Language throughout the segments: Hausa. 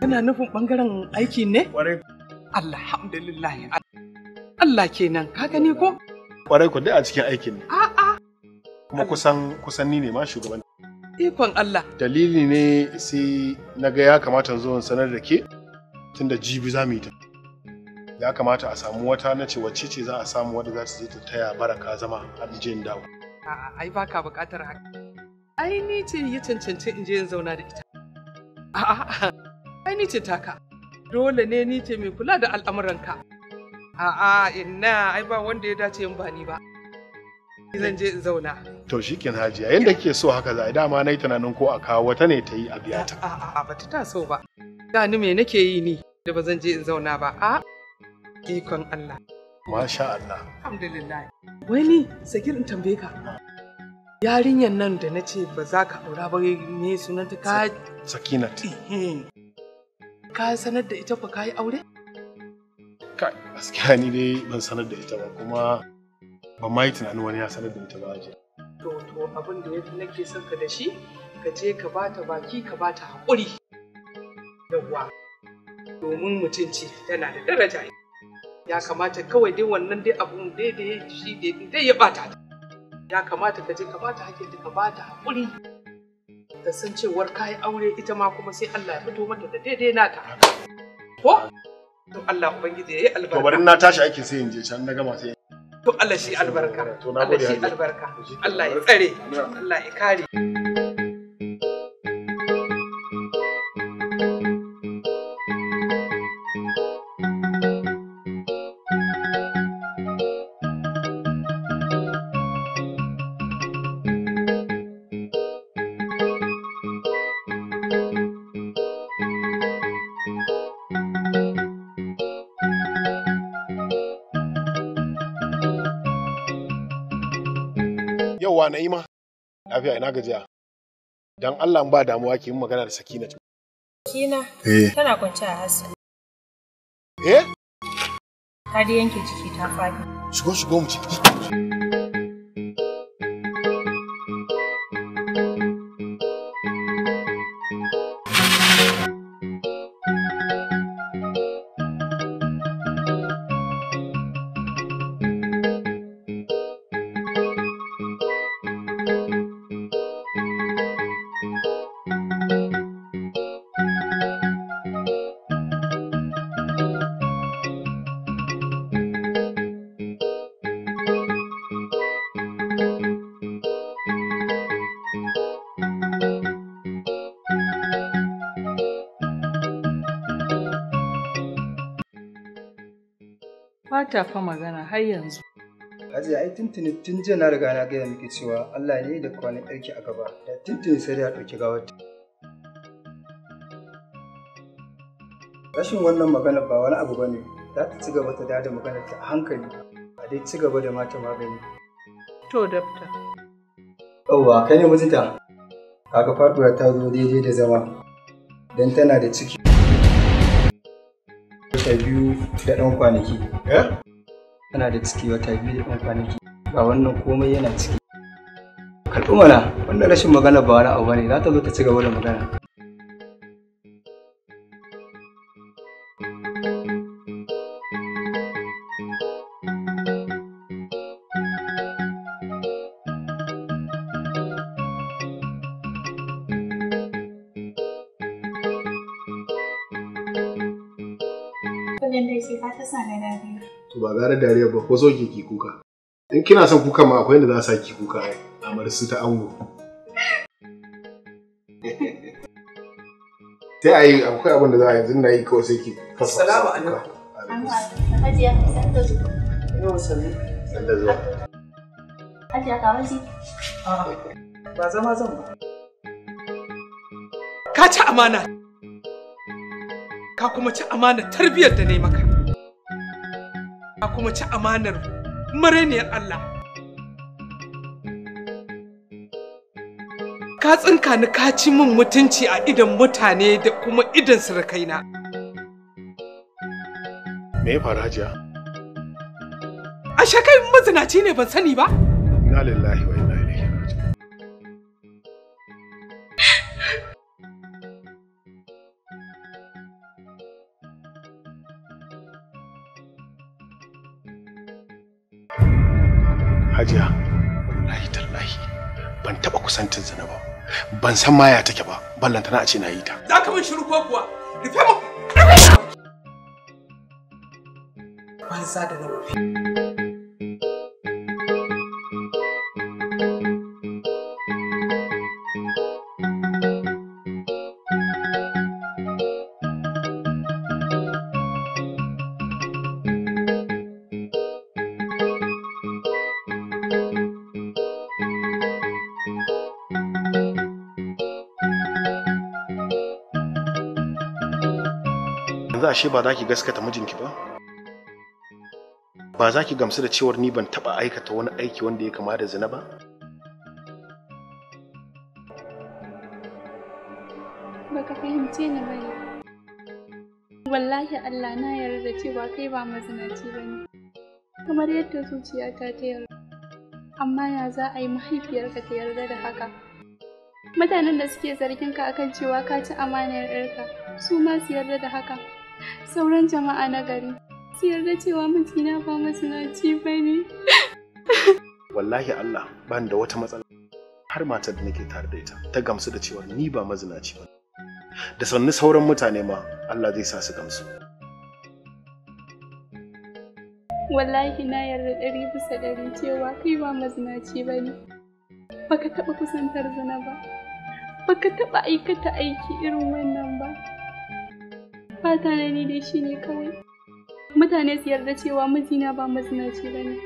Kana nufin ɓangaren aiki ne? Ƙwarai. Alhamdulillah. Allah kenan ka gani ko? Ƙwarai ku dai a cikin aikin ne. A'a. Kuma kusan kusan ni ne ma shugaban. Ikon Allah. Dalili ne sai na ga ya kamata zo in sanar da ke tunda jibi za mu yi ta. Ya kamata a samu wata na ce wacce ce za a samu wadda za ta je ta taya baraka zama a jin dawo. A'a ai baka buƙatar haka. Ai ni ce ya cancanci in je in zauna da ita. A'a ni ce taka dole ne ni ce mai kula da al'amuranka a'a inna ai ba wanda ya dace in ba ni ba zan je in zauna to shikin hajiya yadda kike so haka za dama na tunanin ko a kawo wata ne ta yi a biya ta a'a ba ta so ba ni me nake yi ni da ba zan je in zauna ba a ikon Allah masha Allah alhamdulillah wani sagir in tambaye ka yarinyar nan da na ce ba za ka aura ba ne sunanta ka sakinat ka sanar da ita fa ka yi aure? Kai, gaskiya ni dai ban sanar da ita ba kuma ban ma yi tunanin wani ya sanar da ita ba aje. To, to abin da yadda nake son ka da shi, ka je ka ba ta baki ka ba ta haƙuri. Yawwa, domin mutunci tana da daraja. Ya kamata kawai dai wannan dai abun dai da ya shi dai ya bata ta. Ya kamata ka je ka ba ta haƙƙinta ka ba ta haƙuri. ta san cewar kayi aure ita ma kuma sai Allah ya fito mata da daidai nata ko to Allah ubangiji yayi albarka to bari na tashi aiki sai in je can na gama sai to Allah shi albarka to na gode Allah shi albarka Allah ya tsare Allah ya kare Yauwa Na'ima, lafiya ina gajiya. Dan Allah ba damuwa ke yin magana da Sakina. Sakina? Eh. Tana kwance a asibiti. Eh? Ta yanke ciki ta faɗi. Shigo shigo mu ciki. ba ta magana har yanzu. a ai tuntuni tun jiya na riga na gaya miki cewa Allah ne da kwanan ɗarki a gaba da tuntuni sai ya ɗauki gawar Rashin wannan magana ba wani abu bane za ta ci gaba ta dada magana ta a hankali a dai ci gaba da mata magani. To dabta. Yawwa kai ne mijinta? Kaga faɗuwa ta zo daidai da zama don tana da ciki wata biyu da ɗan kwanaki. Eh? Ana da ciki wata biyu da ɗan kwanaki. Ga wannan komai yana ciki. Karɓi mana, wannan rashin magana ba wani abu ne, za ta zo ta ci gaba da magana. ba da dariya ba ko so ki ki kuka in kina son kuka ma akwai inda za sa ki kuka a bar su ta ango sai ayi akwai abin da za a yanzu na yi kawai sai ki kasa salamu alaikum hajiya sanda zuwa yau da zuwa hajiya kawai ji ah, ba zama zan ba ka ci amana ka kuma ci amana tarbiyyar da na yi maka a kuma ci amanar mareniyar Allah. Ka tsinka ni ka ci min mutunci a idan mutane da kuma idan surukaina. Me ya faru hajiya? Ashe kai mazinaci ne ban sani ba? Ina lillahi wa ban san y'a take ba ballanta na a ce na yi ta za ka min shiru ko kuwa rufe mu sa da na rufe ashe ba za ki gaskata mijinki ba ba za ki gamsu da cewar ni ban taɓa aikata wani aiki wanda ya kama da zina ba baka fahimce ni ba wallahi Allah na yarda cewa kai ba mazinaci ba ne kamar yadda zuciyata ta yarda amma ya za a yi mahaifiyarka ta yarda da haka mutanen da suke zargin ka akan cewa ka ci amanar 'yarka su ma su yarda da haka sauran jama'a na gari su yarda cewa mijina ba masinaci ba ne. Wallahi Allah ban da wata matsala har matar da nake tare da ita ta gamsu da cewa ni ba mazinaci ba. Da sannu sauran mutane ma Allah zai sa su gamsu. Wallahi na yarda ɗari bisa ɗari cewa kai ba mazinaci ba ne. Baka taɓa kusantar zina ba. Baka taɓa aikata aiki irin wannan ba. fata na ni dai ne kawai mutane su yarda cewa mijina ba mazinaci ne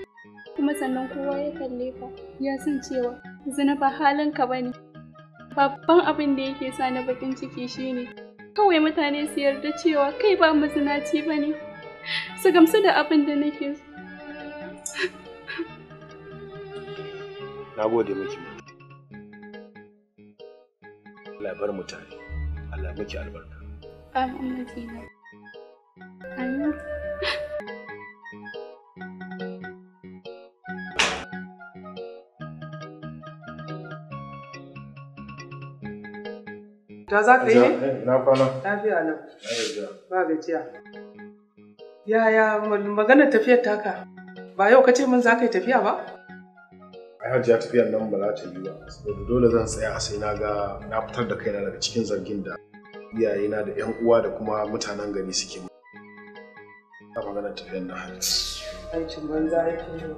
kuma sannan kowa ya kalle ka ya san cewa zina ba halinka ne babban abin da yake sa na bakin ciki shi ne kawai mutane su yarda cewa kai ba mazinaci ne su gamsu da abin da nake so na miki labar mutane Allah miki albarka Eh, ba gajiya. maganar tafiyar taka? Ba yau ka ce min za ka yi tafiya ba? Ai hajiya tafiyar nan ba za ta yi ba. Saboda dole zan tsaya sai na ga na fitar da kaina daga cikin zargin da iyayena da 'yan uwa da kuma mutanen gari suke mu. Ta magana tafiyar na hali. Aikin banza aikin yau.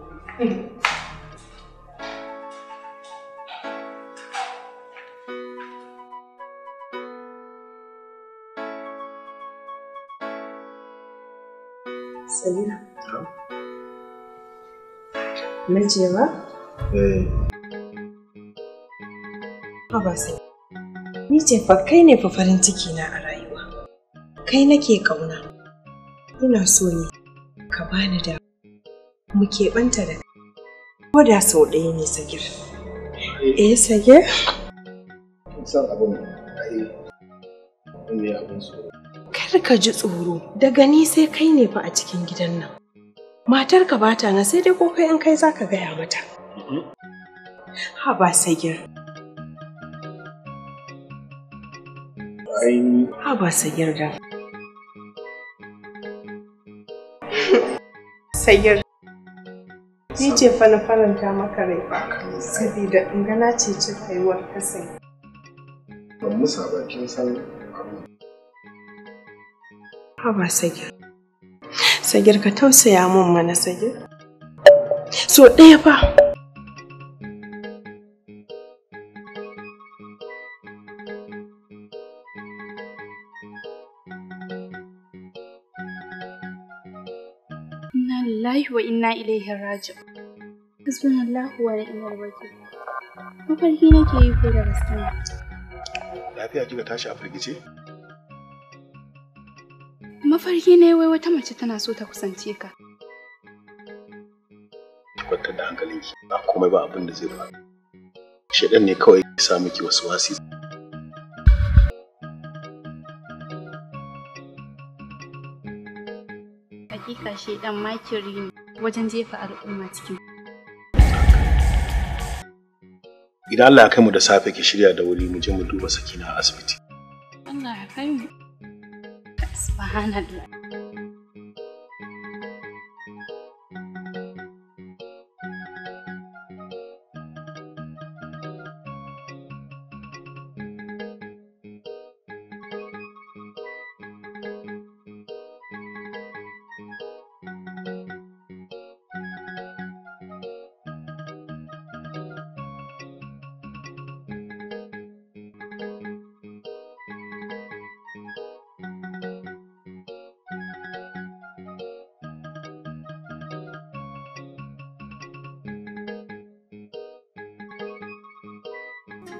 Sabina. Na ba? Eh. Ba ba sai. Ni ce fa kai ne fa farin ciki na a rayuwa. Kai nake kauna. Ina so ne ka bani da mu keɓanta da ko da sau ɗaya ne sagir. Eh sagir? San abin ai abin Kar ka ji tsoro daga ni sai kai ne fa a cikin gidan nan. Matarka ba ta na sai dai ko kai in kai zaka ka gaya mata. Mm-hmm. Ha sagir. ai ha ba sayarda sayar ni ce fa na faranta maka rai saboda in ga na ce ce kaiwar kasai ban musa bakin san ha ba sayar ka tausaya mun mana sagir so ɗaya fa wa inna ilaihi raji'un hasbunallahu wa ni'mal wakil mafarki nake yi ko da gaske lafiya kika tashi a firgice mafarki ne wai wata mace tana so ta kusance ka kwantar da hankalinki ba komai ba abin da zai faru shedan ne kawai ya sa miki wasu wasi hakika shedan makirin wajen jefa al'umma cikin idan Allah ya kai mu da safe ki shirya da wuri mu je mu duba sakina a asibiti Allah ya kai mu subhanallah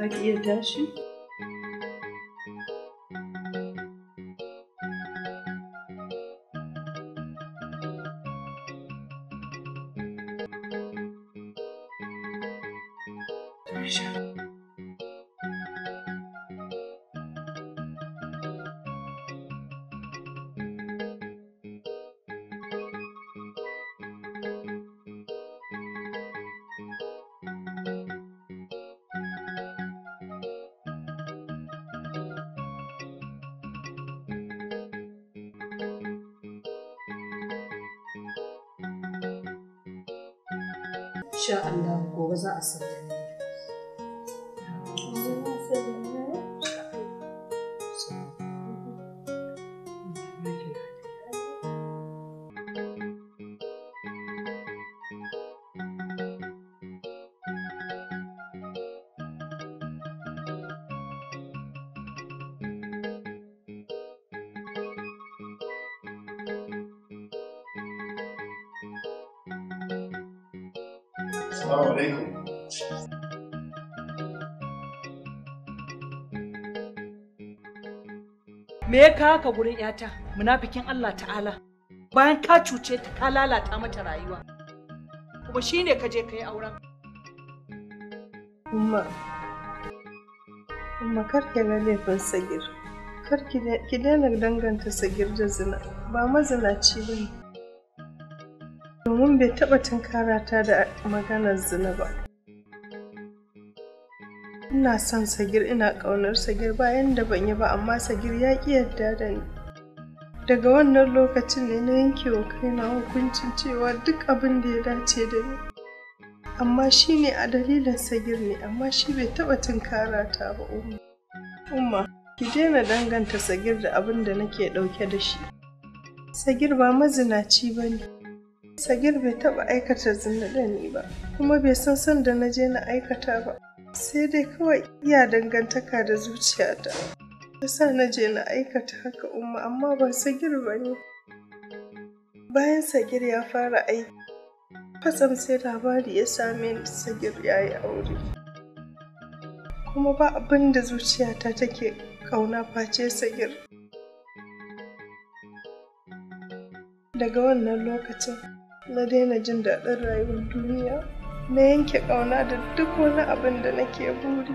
za ki iya tashi Sha Allah gobe za a sauya. ya kawo ka gurin yata munafikin Allah ta'ala bayan ka cuce ta ka lalata mata rayuwa kuma shine ka je ka yi auren umma umma kar ki laifin sagir kar ki daina danganta sagir da zina ba mazinaci ba ne domin bai taɓa tunkarata da maganar zina ba ina son sagir ina ƙaunar sagir bayan da ban yi ba amma sagir ya ƙi yarda da ni daga wannan lokacin ne na yanke wa kaina hukuncin cewa duk abin da ya dace da ni amma shi ne a dalilin sagir ne amma shi bai taɓa tunkara ta ba umma umma ki daina danganta sagir da abin da nake ɗauke da shi sagir ba mazinaci ba ne sagir bai taɓa aikata zina ni ba kuma bai san san da na je na aikata ba sai dai kawai iya dangantaka da zuciyata sa na je na aikata haka umma amma ba sagir ba ne bayan sagir ya fara aiki fatsam sai labari ya same ni sagir ya yi aure kuma ba abin da zuciyata take kauna face sagir daga wannan lokacin na daina jin daɗin rayuwar duniya na yanke ƙauna da duk wani abin da nake buri.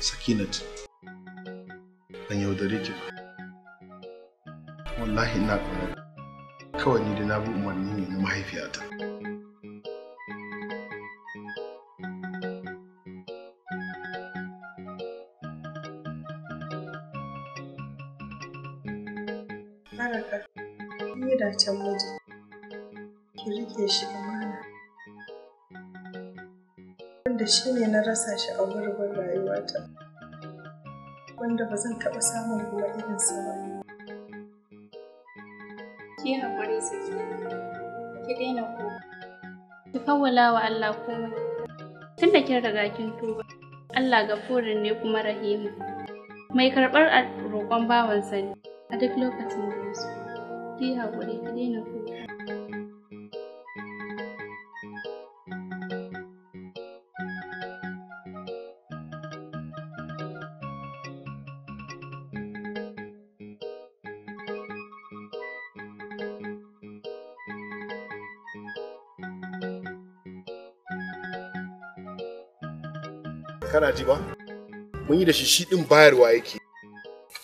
Sakinat, ban yaudare ki Wallahi ina ƙaunar kawai ni da na bi umarni ne na mahaifiyata. ya shiga Wanda shi ne na rasa shi a gurbin rayuwata. Wanda ba zan taɓa samun kuma irinsa ba. Ki haƙuri saki, ki daina ko. Ki kawwala wa Allah komai. Tun da kin riga kin tuba, Allah gafurin ne kuma rahimu. Mai karɓar roƙon bawansa ne a duk lokacin da ya so. Ki haƙuri, ki daina kuka. kana ji ba mun yi da shi shi din bayarwa yake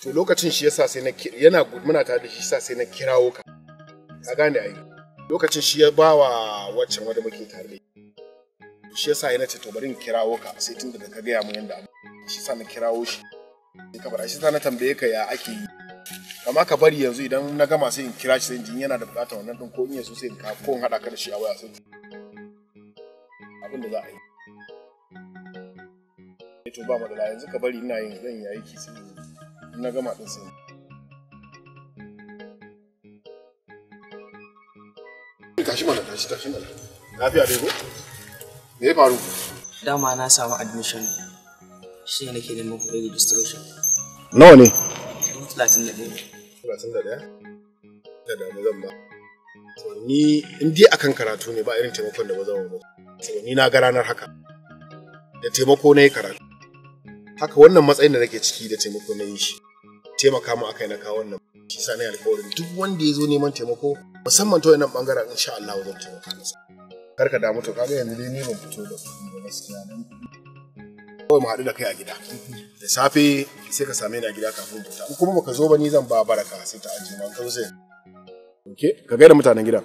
to lokacin shi yasa sai na yana muna tare da shi yasa sai na kirawo ka ka gane ai lokacin shi ya bawa waccan wanda muke tare da shi yasa yana ce to bari in kirawo ka sai tun da ka gaya mun yanda shi yasa na kirawo shi sai ka bara shi yasa na tambaye ka ya ake yi kama ka bari yanzu idan na gama sai in kira shi sai in yana da bukatar wannan din ko in yaso sai in ka ko in hada ka da shi a waya sai abin da za a yi to ba madala yanzu ka bari ina yin zan yi aiki sai na gama din sai tashi mana tashi tashi mana lafiya dai ko me ya faru dama na samu admission shi ne nake neman kuɗin registration nawa ne 31 31 da damu zan ba ni in dai akan karatu ne ba irin taimakon da ba zan ba ni na ga ranar haka da taimako na yi karatu haka wannan matsayin da nake ciki da taimako na yi shi taimaka mu akai na kawo wannan shi sa na alƙawarin duk wanda ya zo neman taimako musamman ta wannan bangaren insha Allah wajen taimaka masa kar ka damu to kaga yanzu dai ni ban fito da kuɗi ba gaskiya nan kawai mu haɗu da kai a gida da safe sai ka same ni a gida kafin fita in kuma baka zo ba ni zan ba baraka sai ta ajiye ma ka zo sai ka gaida mutanen gidan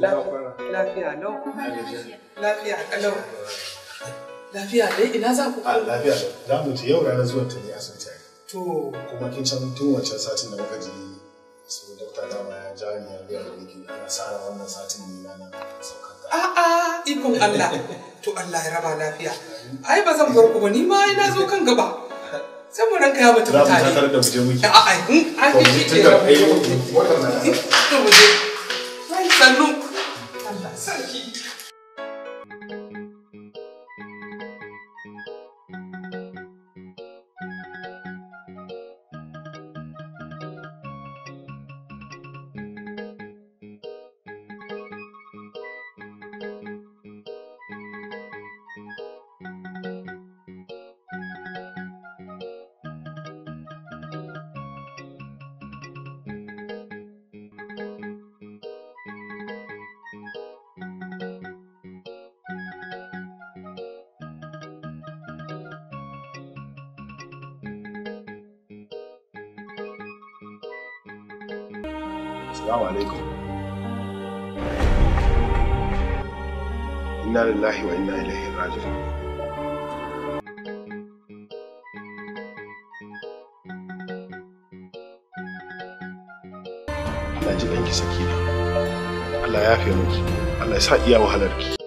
Lafiya lau. Lafiya lau. Lafiya lai ina za ku kwana? Lafiya lau. Za mu ce yau ranar zuwan ta ne asibiti. To. Kuma kin can tun wancan satin da muka ji su dokta dama ya ja ni ya biya da nake na sara wannan satin ne ranar saukar ta. A'a ikon Allah. To Allah ya raba lafiya. Ai ba zan bar ku ba ni ma ina zo kan gaba. saboda ranka ya mutu mutane. Za mu da mu je muke. A'a, an yi shi ke rabu. Tun da, eh, wannan na. Sannu. says Assalamu alaikum. Inna lillahi wa inna ilaihi raji'un. Allah ji ɗanki sakina. Allah ya fi miki. Allah ya sa iya wahalarki.